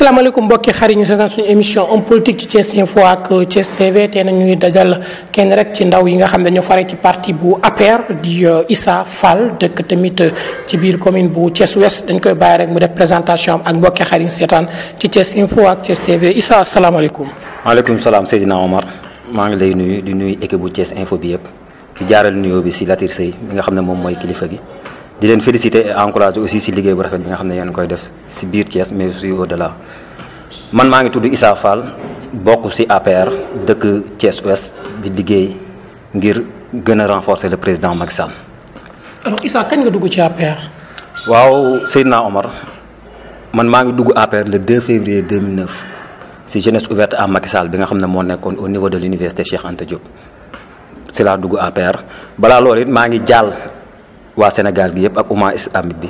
salaamaaleykum mbokki xariñu ñu seetaan suñu émission homme politique ci Thiès Info ak Thiès TV tey na dajal kenn rek ci ndaw yi nga xam ne dañoo fare ci parti bu APR di euh, Issa Fall dëkk tamit euh, ci biir commune bu Thiès Ouest dañ koy bàyyi rek mu def présentation ak mbokki xarit seetaan ci Thiès Info ak Thiès TV Issa salaamaaleykum. maaleykum salaam Seydina Omar maa ngi lay nuyu di nuyu équipe bu Thiès Info bi yëpp di jaaral nuyoo bi si Latir Seye bi nga xam ne moom mooy kilifa gi. di len féliciter et encourager aussi ci liggéey bu rafet bi nga xam yeen koy def ci biir Thiès mais aussi au delà man ma ngi tuddu Issa Fall bokku si APR dëkk Thiès Ouest di liggéey ngir gëna renforcer le président Macky Sall. alors Issa kañ nga dugg ci APR. waaw Seydina Omar man ma ngi dugg APR le 2 février 2009 ci jeunesse ouverte à Macky Sall bi nga xam mo moo au niveau de l'université Cheikh Anta Diop si laa dugg APR bala lolit ma ngi jall wa senegal gi yeb ak umma islamit bi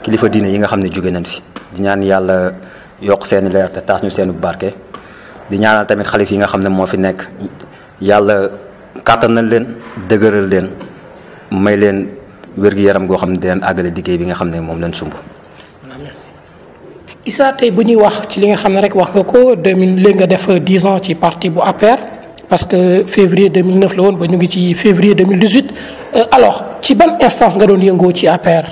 kilifa diine yi nga xamne ne nañ fi di ñaan yalla yok seen leer ta tax ñu seenu barke di ñaanal tamit khalif yi nga xamne mo fi nek yalla katan nañ leen degeural leen may leen wér-gi-yaram go xamne ne agale àggale bi nga xamne mom lañ sumbu isa tay bu ñuy wax ci li nga xamne rek wax nga ko 2000 le nga def 10 ans ci parti bu APR parce que février 2009 la won ba ñu ngi ci février 2018 euh, alors ci ban instance nga doon yëngoo ci APR.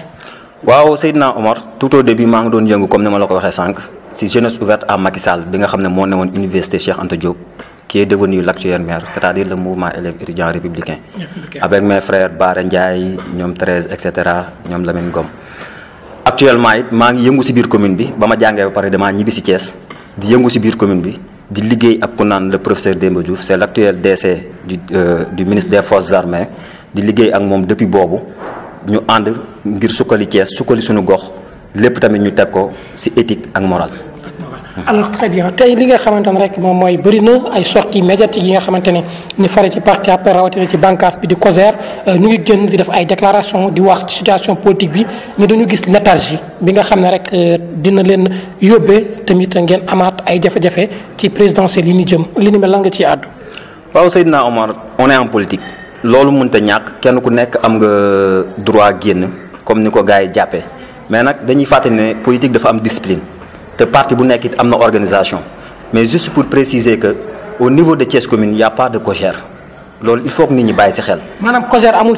waaw Seydina Omar tout au début maa ngi doon yëngu comme ni ma la ko waxee sànq si jeunesse ouverte à Macky Sall bi nga xam ne moo newoon université Cheikh Anta Diop qui est devenu l'actuel maire c'est-à-dire le mouvement élèves républicain. républicain. avec mes frères Bara Ndiaye ñoom 13 et cetera ñoom Lamine Gom actuellement it maa ngi yëngu si biir commune bi ba ma jàngee ba pare damaa ñibbi si Thiès di yëngu si biir commune bi di à ak le professeur Demba c'est l'actuel est du euh, du ministre des forces armées di ak depuis Bobo, ñu ànd ngir sukkali que nous gox tamit nous avons ci éthique ak morale alors très bien tey li nga xamante rek moom mooy bëri na ay sorties médiatiques yi nga xamante ne ñu fare ci parti APR rawatina ci bànqaas bi di COSER euh, ñu ngi génn di def ay déclaration di wax ci situation politique bi ñu dañu gis léthargie bi nga xam ne rek euh, dina leen yóbbee tamit ngeen amaat ay jafe-jafe ci présidentielle yi ni jëm li ni mel lan nga ci àddu. waaw Seydina Omar on est en politique. loolu mënut a ñàkk kenn ku nekk am nga droit génn comme ni ko gars yi jàppee mais nag dañuy fàttali ne politique dafa am discipline de parti qui a une organisation mais juste pour préciser que au niveau de Thiès commune il n'y a pas de Cogère. il faut que nous nous baissions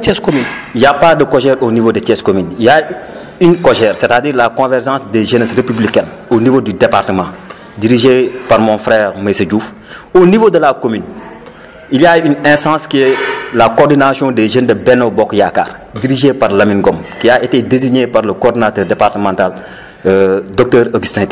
Thiès commune. il n'y a pas de Cogère au niveau de Thiès commune il y a une Cogère, c'est-à-dire la convergence des jeunesses républicaines au niveau du département dirigée par mon frère M. Diouf au niveau de la commune il y a une instance qui est la coordination des jeunes de Beno Bok Yakar, dirigée par Lamine qui a été désignée par le coordinateur départemental euh, docteur Augustin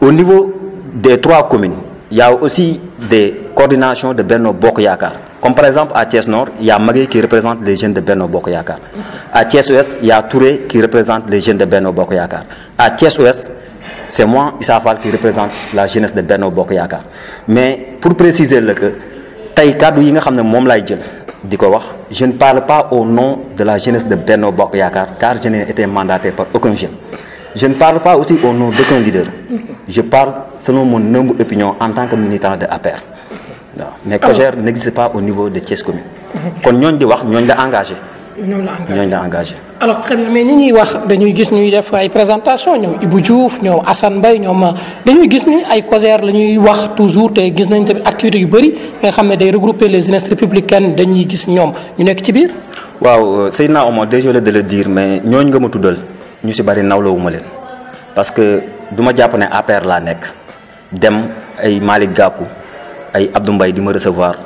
Au niveau des trois communes, il y a aussi des coordinations de Benno Bokoyakar. Comme par exemple à Thiès Nord, il y a Magui qui représente les jeunes de Benno Bokoyakar. À Thiès Ouest, il y a Touré qui représente les jeunes de Benno Bokoyakar. À Thiès Ouest, c'est moi, Fall qui représente la jeunesse de Benno Bokoyakar. Mais pour préciser le que, je ne parle pas au nom de la jeunesse de Benno Bokoyakar, car je n'ai été mandaté par aucun jeune. Je ne parle pas aussi au nom d'aucun leader. Je parle selon mon opinion en tant que militant de APR. mais ah. Cogère n'existe pas au niveau de Thiès commune. Quand nous engagé. alors très bien mais nous wax présentation nous devons nous Assane euh, toujours les jeunesses républicaines dañuy nous ñu nous ci euh, de le dire mais nous ñu si bari nawlawuma leen parce que du ma jàpp ne APR laa nekk dem ay Malick Gakou ay Abdou Mbaye di ma recevoir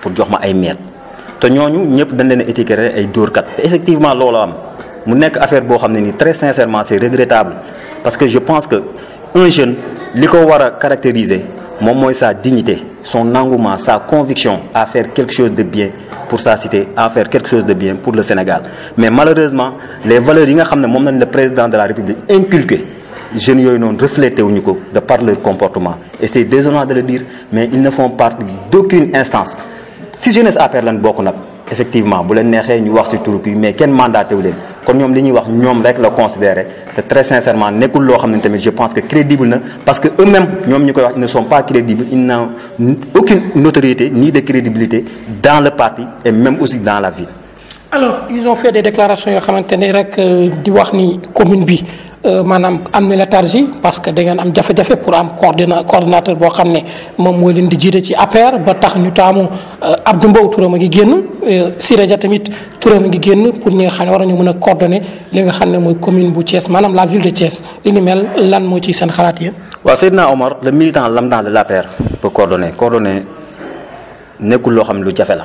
pour jox ma ay meet te ñooñu ñëpp dañ leen a étiqueté ay dóorkat te effectivement loolu am mu nekk affaire boo xam très sincèrement c'est regrettable parce que je pense que un jeune li ko a caractériser sa dignité son engouement sa conviction à faire quelque chose de bien pour sa cité à faire quelque chose de bien pour le Sénégal mais malheureusement les valeurs que nous le président de la République inculqué je ne non reflété de par leur comportement et c'est désolant de le dire mais ils ne font partie d'aucune instance si jeunesse a perdu effectivement si ne ñu wax mais quel mandat est nous ñom li ñuy wax ñom rek la considérer très sincèrement je pense que crédible na parce que eux-mêmes ils ne sont pas crédibles ils n'ont aucune notoriété ni de crédibilité dans le parti et même aussi dans la ville alors ils ont fait des déclarations yoo xamante ne rek euh, di wax ni commune bi euh, madame. Amné la léthargie parce que da ngeen am jafe-jafe pour am coordina coordinateur pour xam ne moom mooy leen di jiite ci APR ba tax ñu taamu euh, Abdou Mbow turam a ngi génn Siré tamit turam ngi génn pour ñi nga ne war nañu mën a coordonner li nga xam commune bu Thiès maanaam la ville de Thiès li ni mel lan moo ci s'en xalaat yéen. waaw Seydina Omar le militant lambda de l'APR. pour coordonner coordonner ne coule xam lu jafe la.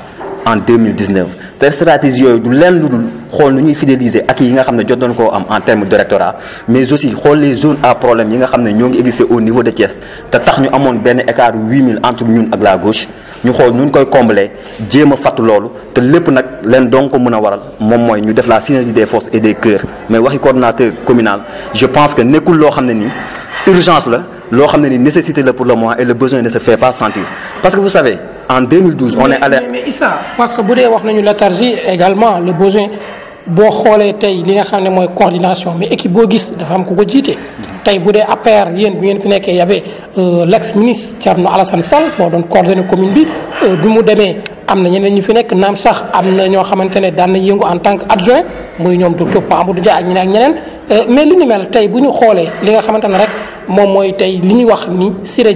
en 2019 Cette stratégie nous du fidélisé lu dul xool nu ñuy fidéliser ak en termes de rectorat mais aussi les zones à problème yi nga au niveau de Thiès te tax ñu amoon benn écart huit entre nous et la gauche Nous xool comblé. ñu koy combler jéem a fàttu loolu te lépp nag nous donc ko mën a waral moom ñu la synergie des forces et des cœurs mais waxi coordonnateur communal je pense que nekkul loo xam ne urgence la loo xam nécessité pour le moment et le besoin ne se fait pas sentir parce que vous savez en 2012 on est allé. mais Issa parce que bu dee wax nañu léthargie également le besoin boo xoolee tey li nga xam ne coordination mais équipe boo gis dafa am ku ko jiite. tey bu dee APR yéen bu ngeen fi nekkee y avait euh, l'ex ministre Thierno Alassane Sall moo doon coordonné commune bi euh, bi mu demee am ñeneen ñu fi nekk naam sax amna ño ñoo xamante ne daan nañ yëngu en tant que adjoint muy ñom du top Amadou Dia ak ñeneen ak ñeneen euh, mais li ñu mel tay bu ñu xoolee li nga xamante rek mom moy tay li ñuy wax ni Siré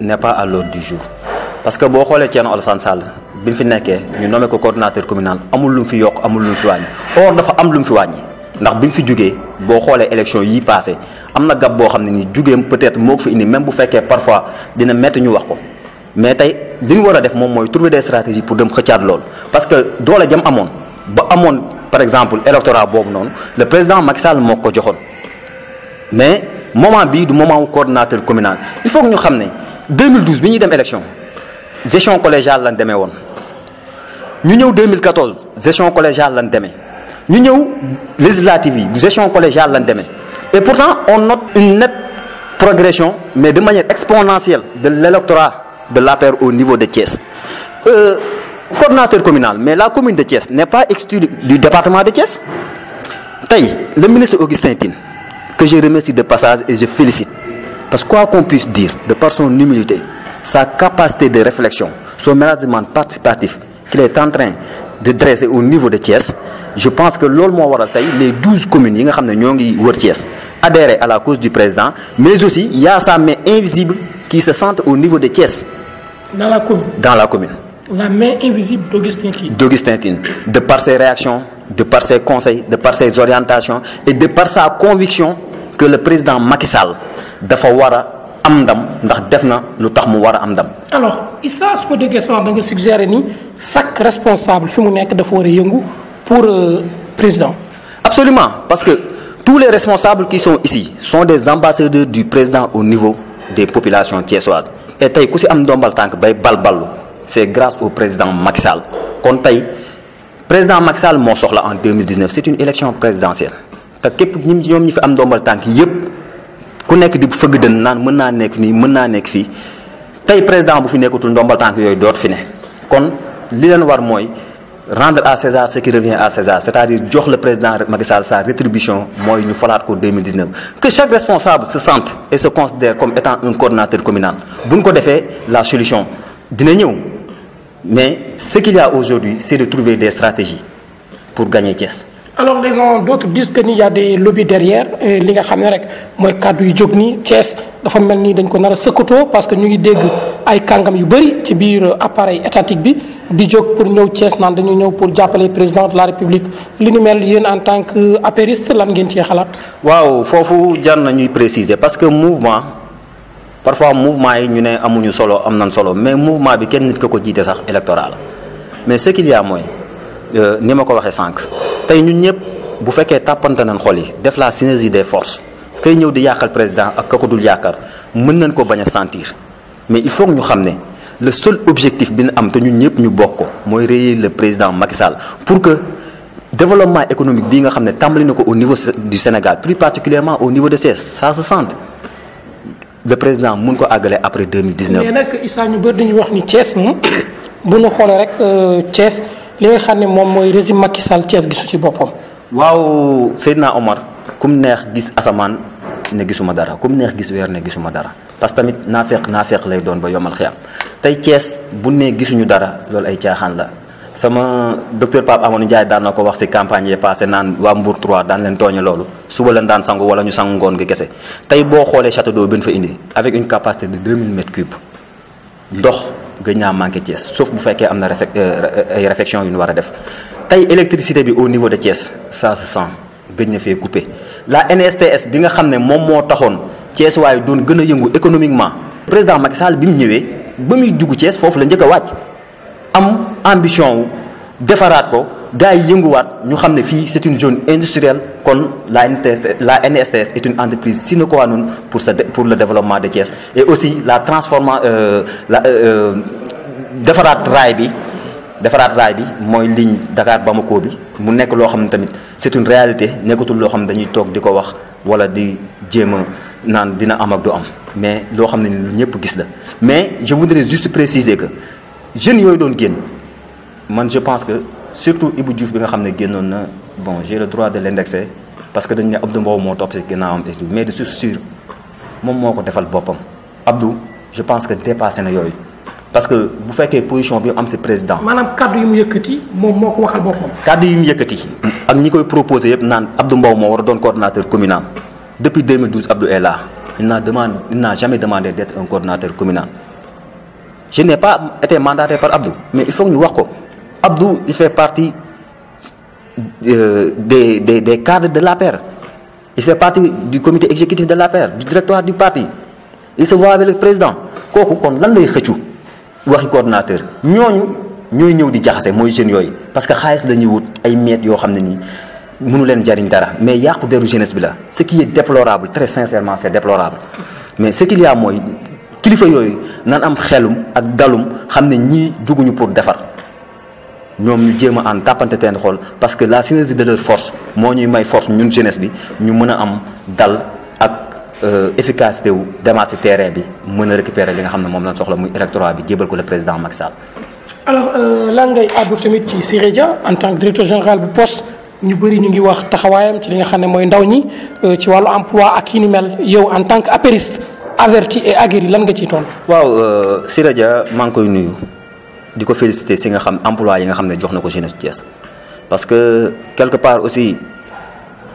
n'est pas à l'ordre du jour parce que boo xoolee Thierno Alassane Sall bi mu fi nekkee ñu nommé ko coordonnateur communal amul lu mu fi yokk amul lu mu fi or dafa am lu mu fi wàññi ndax bi mu fi jugee boo xoolee élection yi passé am gab boo xam ni jugeem peut-être moo ko fi indi même bu fekkee parfois dina métti ñu wax ko mais tey li ñu war a def moom mooy trouver des stratégies pour dem xëccaat loolu parce que la jam amoon ba amoon par exemple électorat boobu noonu le président Macky Sall moo ko mais moment bii du moment wu coordonnateur communal il faut que ñu xam 2012 bi ñuy dem élection gestion collégiale lañ démé won ñu ñëw 2014 gestion collégiale lañ démé ñu ñëw législative gestion collégiale lañ et pourtant on note une nette progression mais de manière exponentielle de l'électorat de la paire au niveau de Thiès. Coordinateur coordonnateur communal mais la commune de Thiès n'est pas exclue du département de Thiès le ministre Augustin que je remercie de passage et je félicite. Parce que quoi qu'on puisse dire, de par son humilité, sa capacité de réflexion, son management participatif qu'il est en train de dresser au niveau de Thiès je pense que l'olmo les 12 communes yi nga adhéré à la cause du président mais aussi il y a sa main invisible qui se sente au niveau de Thiès. dans la commune dans la commune. la main invisible d'Augustin Thine. d'Augustin de par ses réactions de par ses conseils de par ses orientations et de par sa conviction que le président Macky Sall dafa war amdam am ndax defna lutax mu a alors isa su ko sama da nga ni chaque responsable fi mu nekk dafa wara pour euh, président. absolument parce que tous les responsables qui sont ici sont des ambassadeurs du président au niveau des populations thiessoises et tay ku si am ndombal tank bay grâce au président Macky Sall kon tay président Macky Sall mo soxla en 2019 c'est une élection présidentielle te képp ñim ñoom ñi fi am ndombal tànk yépp ku nekk di fëgg dën naan mën naa nekk nii mën naa nekk fii tey président bu fi nekkatul ndombal tànk yooyu doot fi ne kon li leen war mooy rendre à César ce qui revient à César c'est-à-dire jox le président Macky Sall sa rétribution mooy ñu falaat ko 2019 que chaque responsable se sente et se considère comme étant un coordinateur communal bu ñu ko defee la solution dina ñëw mais ce qu'il y a aujourd'hui c'est de trouver des stratégies pour gagner Thiès alors les gens d'autres disent que y a des lobbies derrière li nga xamné rek moy kàddu yu jog ni Thiès dafa mel ni dañ ko nara a parce que ñu ngi dégg ay kangam yu bari ci biir appareil étatique bi di jog pour ñëw Thiès nan dañu ñëw pour jàppale président de la république li ñu mel yeen en tant que apériste lan ngeen ci xalat waaw fofu jar ñuy préciser parce que mouvement parfois mouvement yi ñu né amuñu solo am nan solo mais mouvement bi kenn nit ko ko jité sax électoral mais ce qu'il y a mooy. Euh, ni ma ko waxee sànq tey ñun ñep bu féké tapanté nañ xol yi def la synergie des forces kay ñëw di yakal président ak ka ko dul yaakaar mën nañ ko baña sentir mais il faut ñu xamné le seul objectif bi ñu am te ñun ñep ñu bokk moy le président Macky Sall pour que développement économique bi nga xamné ne au niveau du Sénégal plus particulièrement au niveau de Thiès ça se sent le président mun ko agalé après 2019. mais y isa ñu bëri ñu wax ni Thiès moom bu ñu xoolee rek euh, Thiès. li nga xam ne moom mooy régime Macky Sall cees gisu ci boppam. waaw Seydina Omar kum neex gis asamaan ne gisuma dara kum neex gis weer ne gisuma dara parce que tamit naa naafeq lay doon ba yomal xiyam tey Thiès bu ne gisuñu dara loolu ay caaxaan la. sama docteur Pape Amadou Ndiaye daan na ko wax ci campagne yi passé naan waa Mbour 3 daan leen tooñe loolu suba leen daan sangu wala ñu sangu ngoon gi kese tey boo xoolee château d'eau bi fa indi avec une capacité de 2000 mètres cubes gëj naa manqué Thiès sauf bu fekkee am na euh, euh, réfection yu ñu war def électricité bi au niveau de Thiès ça se sent gëj fait coupé la NSTS bi nga xam ne moom moo taxoon Thiès waaye doon gën a yëngu économiquement. président Macky Sall bi mu ñëwee ba muy dugg Thiès foofu la njëkk a am ambition wu defaraat ko gars nous savons ñu c'est une zone industrielle kon la NSS la NSS est une entreprise sine qua non pour sa pour le développement de Thiès et aussi la transformation... euh, la euh, euh, defaraat raay bi defaraat raay bi ligne Dakar Bamako bi mu nekk loo c'est une réalité nekkatul loo xam ne dañuy toog di ko wax wala di mais loo xam ne lu gis mais je voudrais juste préciser que jeunes yooyu doon génn man je pense que surtout Ibou Diouf bi nga xamné gennon na bon j'ai le droit de l'indexer parce que dañ né Abdou Mbow mo top ci ginaawam et tout mais de sûr mom moko défal bopam Abdou je pense que dépassé na yoy parce que vous faites fekkee position bi am ce président. manam cadre yi mu yëkëti mom moko waxal bopam cadre yi mu yëkëti ak ñi koy proposé yëpp naan Abdou Mbow mo wara don coordinateur communal depuis 2012 Abdou est là il n'a demandé il n'a jamais demandé d'être un coordonnateur communal je n'ai pas été mandaté par Abdou mais il faut nous wax ko. Abdou, il fait partie euh, de, des, des, cadres de la paire. Il fait partie du comité exécutif de la paire, du directoire du parti. Il se voit avec le président. kooku kon lan lay xëccu waxi coordonnateur ñooñu nous ñëw di jeunes parce que xaalis la ñuy wut ay meet yoo ne nii mënu leen jariñ dara mais il y a des la ce qui est déplorable très sincèrement c'est déplorable mais ce qu'il y a qu'il kilifa yooyu nan am xelum ak dalum xam ne ñii juguñu pour defar ñoom ñu jéem a ànd tàppante teen xool parce que la synergie de leur force moo ñuy may force ñun jeunesse bi ñu mën a am dal ak euh, efficacité wu demaat terrain bi mën a récupérer li nga xam ne moom lañ soxla muy électorat bi jébal ko le président Macky Sall. alors euh, lan ngay àddu tamit ci Siré en tant que directeur général bu poste ñu bëri ñu ngi wax taxawaayam ci li nga xam ne mooy ndaw ñi euh, ci wàllu emploi ak yi ni mel yow en tant que apériste averti et aguerri lan nga ciy tontu. waaw Siré Dia maa ngi koy nuyu di ko féliciter si nga xam emploi yi nga xam ne jox na ko jeunesse Thiès parce que quelque part aussi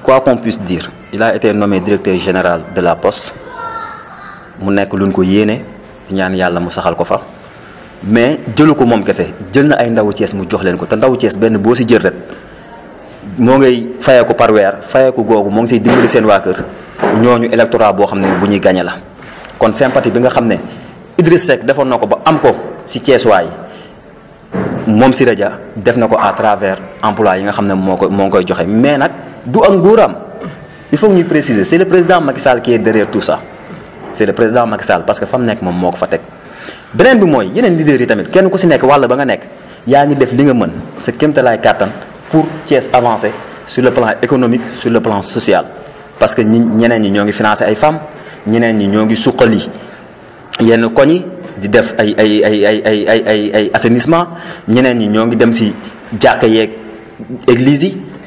quoi qu'on puisse dire il a été nommé directeur général de la poste mu nekk luñ ko yéene di ñaan yàlla mu saxal ko fa mais jëlu ko moom kese jël na ay ndawu Thiès mu jox leen ko te ndawu Thiès benn boo si jël rek moo ngay fayeeku par weer fayeeku googu moo ngi say dimbali seen waa kër ñooñu électorat boo xam ne bu ñuy la kon sympathie bi nga xam ne Idriss Seck defoon na ko ba am ko si Thiès waay mom Siré def nako à travers emploi yi nga xam moko mo ko moo koy joxe mais nak du ak ngouram il faut ñuy préciser C'est le président Macky Sall qui est derrière tout ça C'est le président Macky Sall parce que fam nek mom moko fa tek benen bi moy yeneen leader yi tamit kenn ku ci nek Walla ba nga nek yaangi def li nga mën sa kéemtalaay katan pour ties avancer sur le plan économique sur le plan social parce que ñeneen ñi ñoo ngi financé ay femmes ñeneen ñi ñoo ngi suqali yenn koñi di def ay ay ay ay ay ay ay ay assainissement ñeneen ñi ñoo ngi dem si jàkka yeeg église yi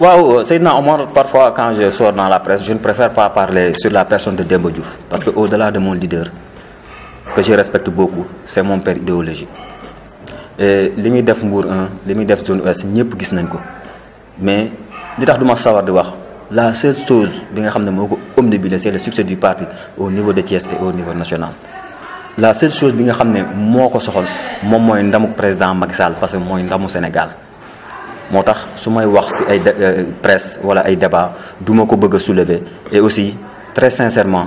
waaw euh, Seydina Omar parfois quand je sors dans la presse je ne préfère pas parler sur la personne de Demba Diouf parce que au-delà de mon leader que je respecte beaucoup c'est mon père idéologique li muy def Mbour 1 li muy def zone ouest gis nañ ko mais l'état de ma savoir de wax la seule chose bi nga xam ne c'est le succès du parti au niveau de Thiès et au niveau national la seule chose bi nga xam ne c'est ko soxal moom président Macky parce que Sénégal moo tax wax ci ay euh, presse wala ay débat duma ko bëgg soulever et aussi très sincèrement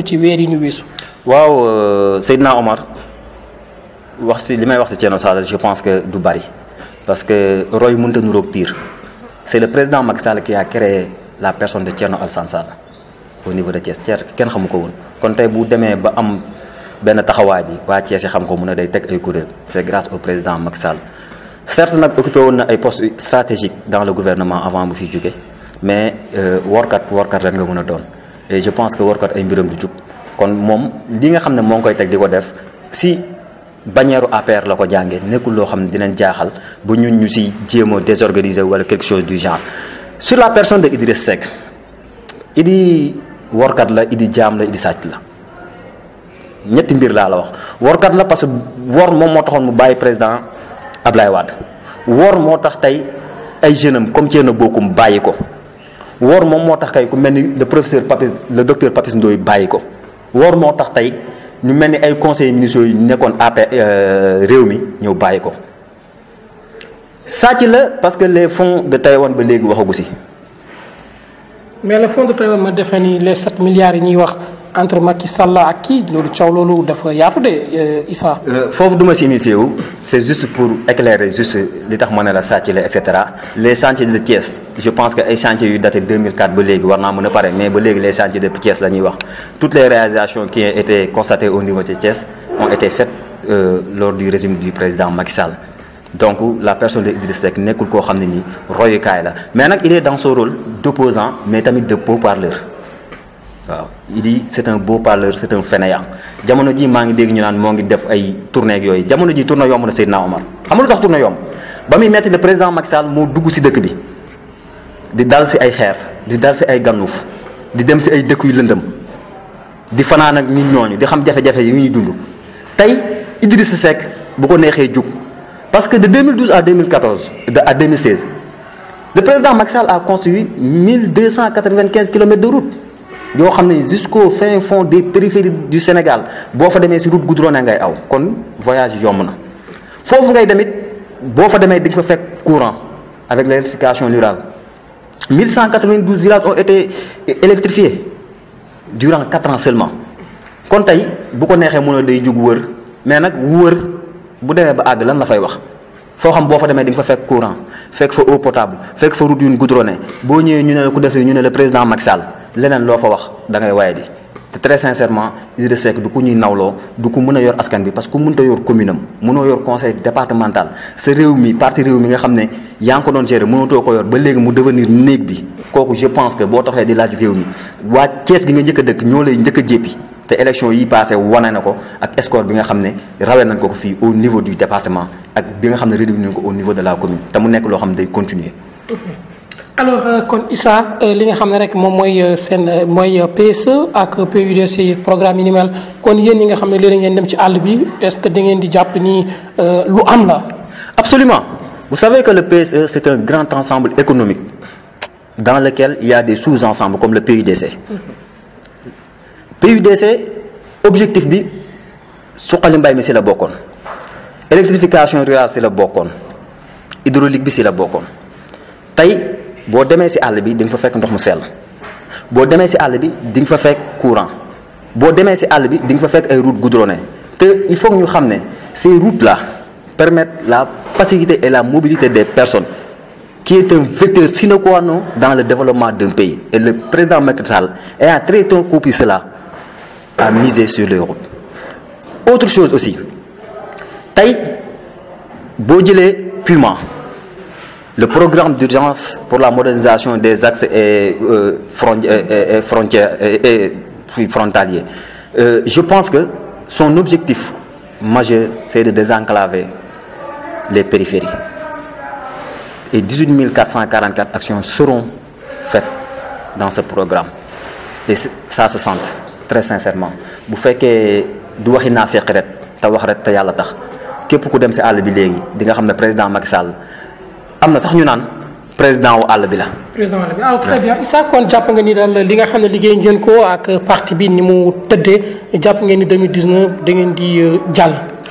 ko ci weer yi ñu waaw euh, Seydina Omar wax si li may wax si Thierno Sall je pense que du bari parce que roy mënut a niróog pire c' est le président Macky Sall qui a créé la personne de Thierno Alassane Sall au niveau de Thiès Thiès kenn xamu ko woon kon tey bu demee ba am benn taxawaay bi waa Thiès yi xam ko mun day teg ay kuréel c' est grâce au président Macky Sall. certes nag occupé woon na ay postes stratégiques dans le gouvernement avant bu fi jóge mais euh, workat workat rek nga mën a doon et je pense que Workat ay mbiram du jub kon mom li nga xam mo ngoy tek diko def si bannière APR la ko jàngee nekkul loo ne dinañ jaaxal bu ñun ñu ci jéem désorganiser wala quelque chose du genre sur la personne de Idriss Seck Idi Workat la Idi jaam la Idi sàcc la ñetti mbir la la wax Workat la parce que wor mom mo taxone mu baye président Ablaye Wade wor mo tax tay ay jeune comme Thierno Bocoum bàyyi wor moom moo tax ku melni le professeur Papis le docteur Papis Ndoye bayiko ko wor moo tax tey ñu melni ay conseils municipaux yu nekkoon AP euh, réew mi ñëw bàyyi ko la parce que les fonds de Taïwan ba légui waxagu si. mais le fonds de Taïwan ma défini les 7 milliards ñi wax entre Macky Sall et qui loolu coow loolu dafa yatou de euh, Issa. Euh, fofu duma ma c'est juste pour éclairer juste li tax la etc. les chantiers de Thiès je pense que ay chantiers yu daté 2004 ba légui warna mëna paré mais ba les chantiers de Thiès la wax toutes les réalisations qui ont été constatées au niveau de Thiès ont été faites euh, lors du régime du président Macky Sall. donc la personne de Idriss Seck n'est koo xam ne nii la mais il est dans son rôle d'opposant mais tamit de beau-parleur il dit c'est un beau parleur c'est un fainéant jamono ji mangi deg ñu naan mo ngi def ay tournée ak yooyu jamono ji tournée yom na Seydina Omar Amul tax tournée yom. ba mi metti le président Macky Sall mo dugg si dëkk bi di dal ci ay xeer di dal ci ay gannuuf di dem ci ay dëkk yu lëndëm di fanaan ak nit ñooñu di xam jafe-jafe yu ñuy dund tey Idrissa Seck bu ko neexee jug parce que de 2012 à 2014 de à 2016 le président Macky Sall a construit 1295 km de route yoo xam ne jusqu'au fin fond des périphéries du Sénégal boo fa demee si route goudron ngay aw kon voyage yomb na foofu ngay demit boo fa demee dañ fa fekk courant avec l'électrification rurale 1192 villages ont été électrifiés durant 4 ans seulement kon tey bu ko neexee mën a day jug wër mais nag wër bu demee ba àgg lan la fay wax foo xam bo fa demé di fa fek courant fek fa eau potable fek fa route yu goudronné bo ñëwee ñu né ko ku def ñu né le président Macky Sall leneen loo fa wax da ngay wayé di te très sincèrement Idrissa Seck du ku ñuy nawlo du ku mëna yor askan bi parce que ku mënta yor commune mëno yor conseil départemental ce réew mi parti réew mi nga xamné ne yaa ngi ko doon gérer ko yor ba légui mu devenir néeg bi kooku je pense que bo taxé di laaj réew mi wa kees gi nga njëkk dëkk ñoo lay njëkk a te élection yi passé wane na ko ak score bi nga xam ne rawee ko au niveau du département ak bi nga xam au niveau de la commune te mu nekk que xam ne day continuer mhm. alors euh, kon Issa euh, li nga xam ne rek moom mooy euh, seen PSE ak PUDC programme minimal. ni mel kon yéen ñi nga xam ne léeg ngeen dem ci bi est-ce que vous ngeen di jàpp ni lu am la. absolument vous savez que le PSE c'est un grand ensemble économique dans lequel il y a des sous-ensembles comme le PUDC. Mhm. PUDC objectif bi suqali mbay mi si la bocon, électrification rurale c'est la bokon. hydraulique bi si la bocon. tey boo demee si àll bi ding fa fekk ndox mu sell boo à si àll bi faire fa fekk courant Bo demee si à bi ding fa fekk ay route te il faut nous sachions ces routes là permettent la facilité et la mobilité des personnes qui est un vecteur sine qua non dans le développement d'un pays et le président Macky Sall à très tôt copié cela à miser sur l'Europe autre chose aussi Taï Bodile Puma le programme d'urgence pour la modernisation des axes et euh, frontières et, frontaliers euh, je pense que son objectif majeur c'est de désenclaver les périphéries et 18 444 actions seront faites dans ce programme et ça se sent très sincèrement Vous faites que fait vous vous avez fait président Macky Sall Amna président président très bien kon nga ni li nga vous avez fait... parti bi ni mu 2019 euh,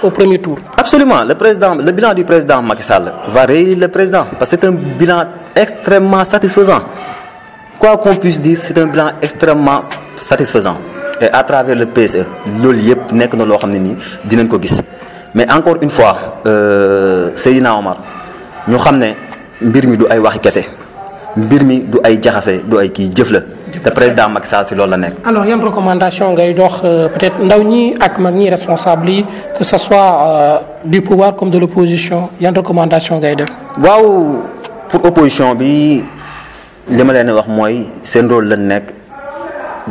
au premier tour. Absolument. Le, président, le bilan du président Macky va le président parce que c'est un bilan extrêmement satisfaisant. Quoi qu'on puisse dire, c'est un bilan extrêmement satisfaisant et à travers le PSE le yëpp nekk na loo xam ne dinañ ko mais encore une fois c'est euh, Omar ñu xam ne mbir mi du ay waxi kese mbir mi du ay jaxase du ay ki jëf la. te président Macky Sall ci loolu la nek alors yan recommandation ngay dox euh, peut-être ndaw ñi ak mag ñi responsable que ce soit euh, du pouvoir comme de l'opposition yan recommandation ngay def. waaw pour opposition bi li leen wax mooy seen rôle la nekk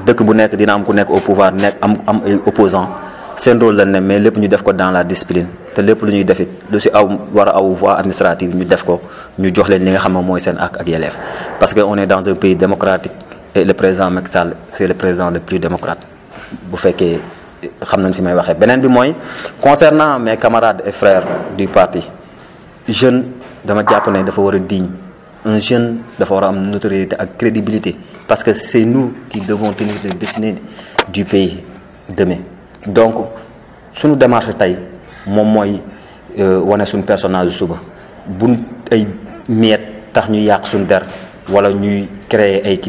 dëkk bu nekk dina am ku nekk au pouvoir nekk am am ay opposant seen rôle la ne mais lépp ñu def ko dans la discipline te lépp lu ñuy defit lu si aw war a aw voie administrative ñu def ko ñu jox leen li nga xam ne mooy seen ak ak yelef parce que on est dans un pays démocratique et le président Macky Sall c' est le président le plus démocrate bu fekkee xam nañ fi may waxee beneen bi mooy concernant mes camarades et frères du parti jeune dama jàpp ne dafa war a un jeune dafa avoir notoriété crédibilité parce que c'est nous qui devons tenir le destin du pays demain donc si démarche moi euh, personnage suba ñu der créer ay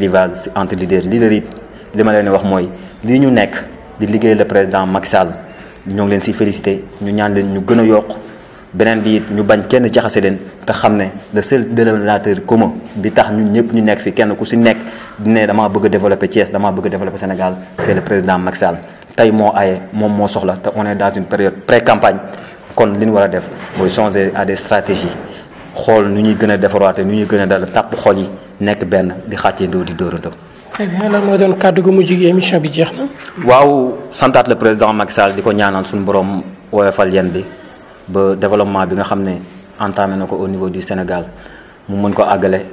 entre les leaders wax le président Maxal, Sall leen félicité ñu benen bi ñu bañ kenn jaxase leen te xam ne le seul dénominateur commun bi tax ñun ñëpp ñu nekk fi kenn ku si nekk dine dama bëgg développer Thiès dama bëgg développer Sénégal c'est le président Macky Sall tey moo aye moom moo soxla te on est dans une période pré-campagne kon li ñu war a def mooy changer à des stratégies xool nu ñuy gën a defarwaate nu ñuy gën a dal tàpp xol yi nekk benn di xàccee ndoo di dóorandoo très bien lan moo doon kàddu gu mu gi émission bi jeex na. waaw santaat le président Macky Sall di ko ñaanal suñu borom woyofal yéen bi ba développement bi nga xamné entamé nako au niveau du Sénégal mu mën ko agalé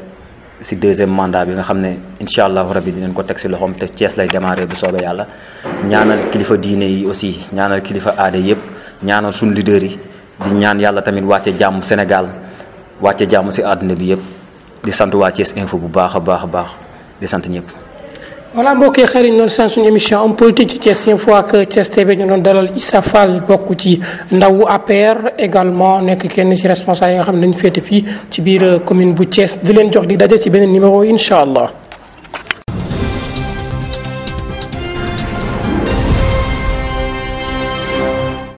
ci deuxième mandat bi nga xamné inshallah rabbi allahu dinañ ko tek ci loxom te Thiès lay démarré bu soobee yalla ñaanal kilifa diiné yi aussi ñaanal kilifa aadé yépp ñaanal sun leader yi di ñaan yalla tamit wàcce jamm Sénégal wàcce jamm ci àdduna bi yépp di sant waa info bu baax a baax baax di sant ñépp voilà mbokk yi xëy na ñu suñu émission homme politique ci Thiès fois que Thiès TV ñu doon dalal Issa Fall bokk ci ndawu APR également nekk kenn ci responsable yi nga xam ne dañu féete fii ci biir euh, commune bu Thiès di leen jox di ci numéro Inshallah.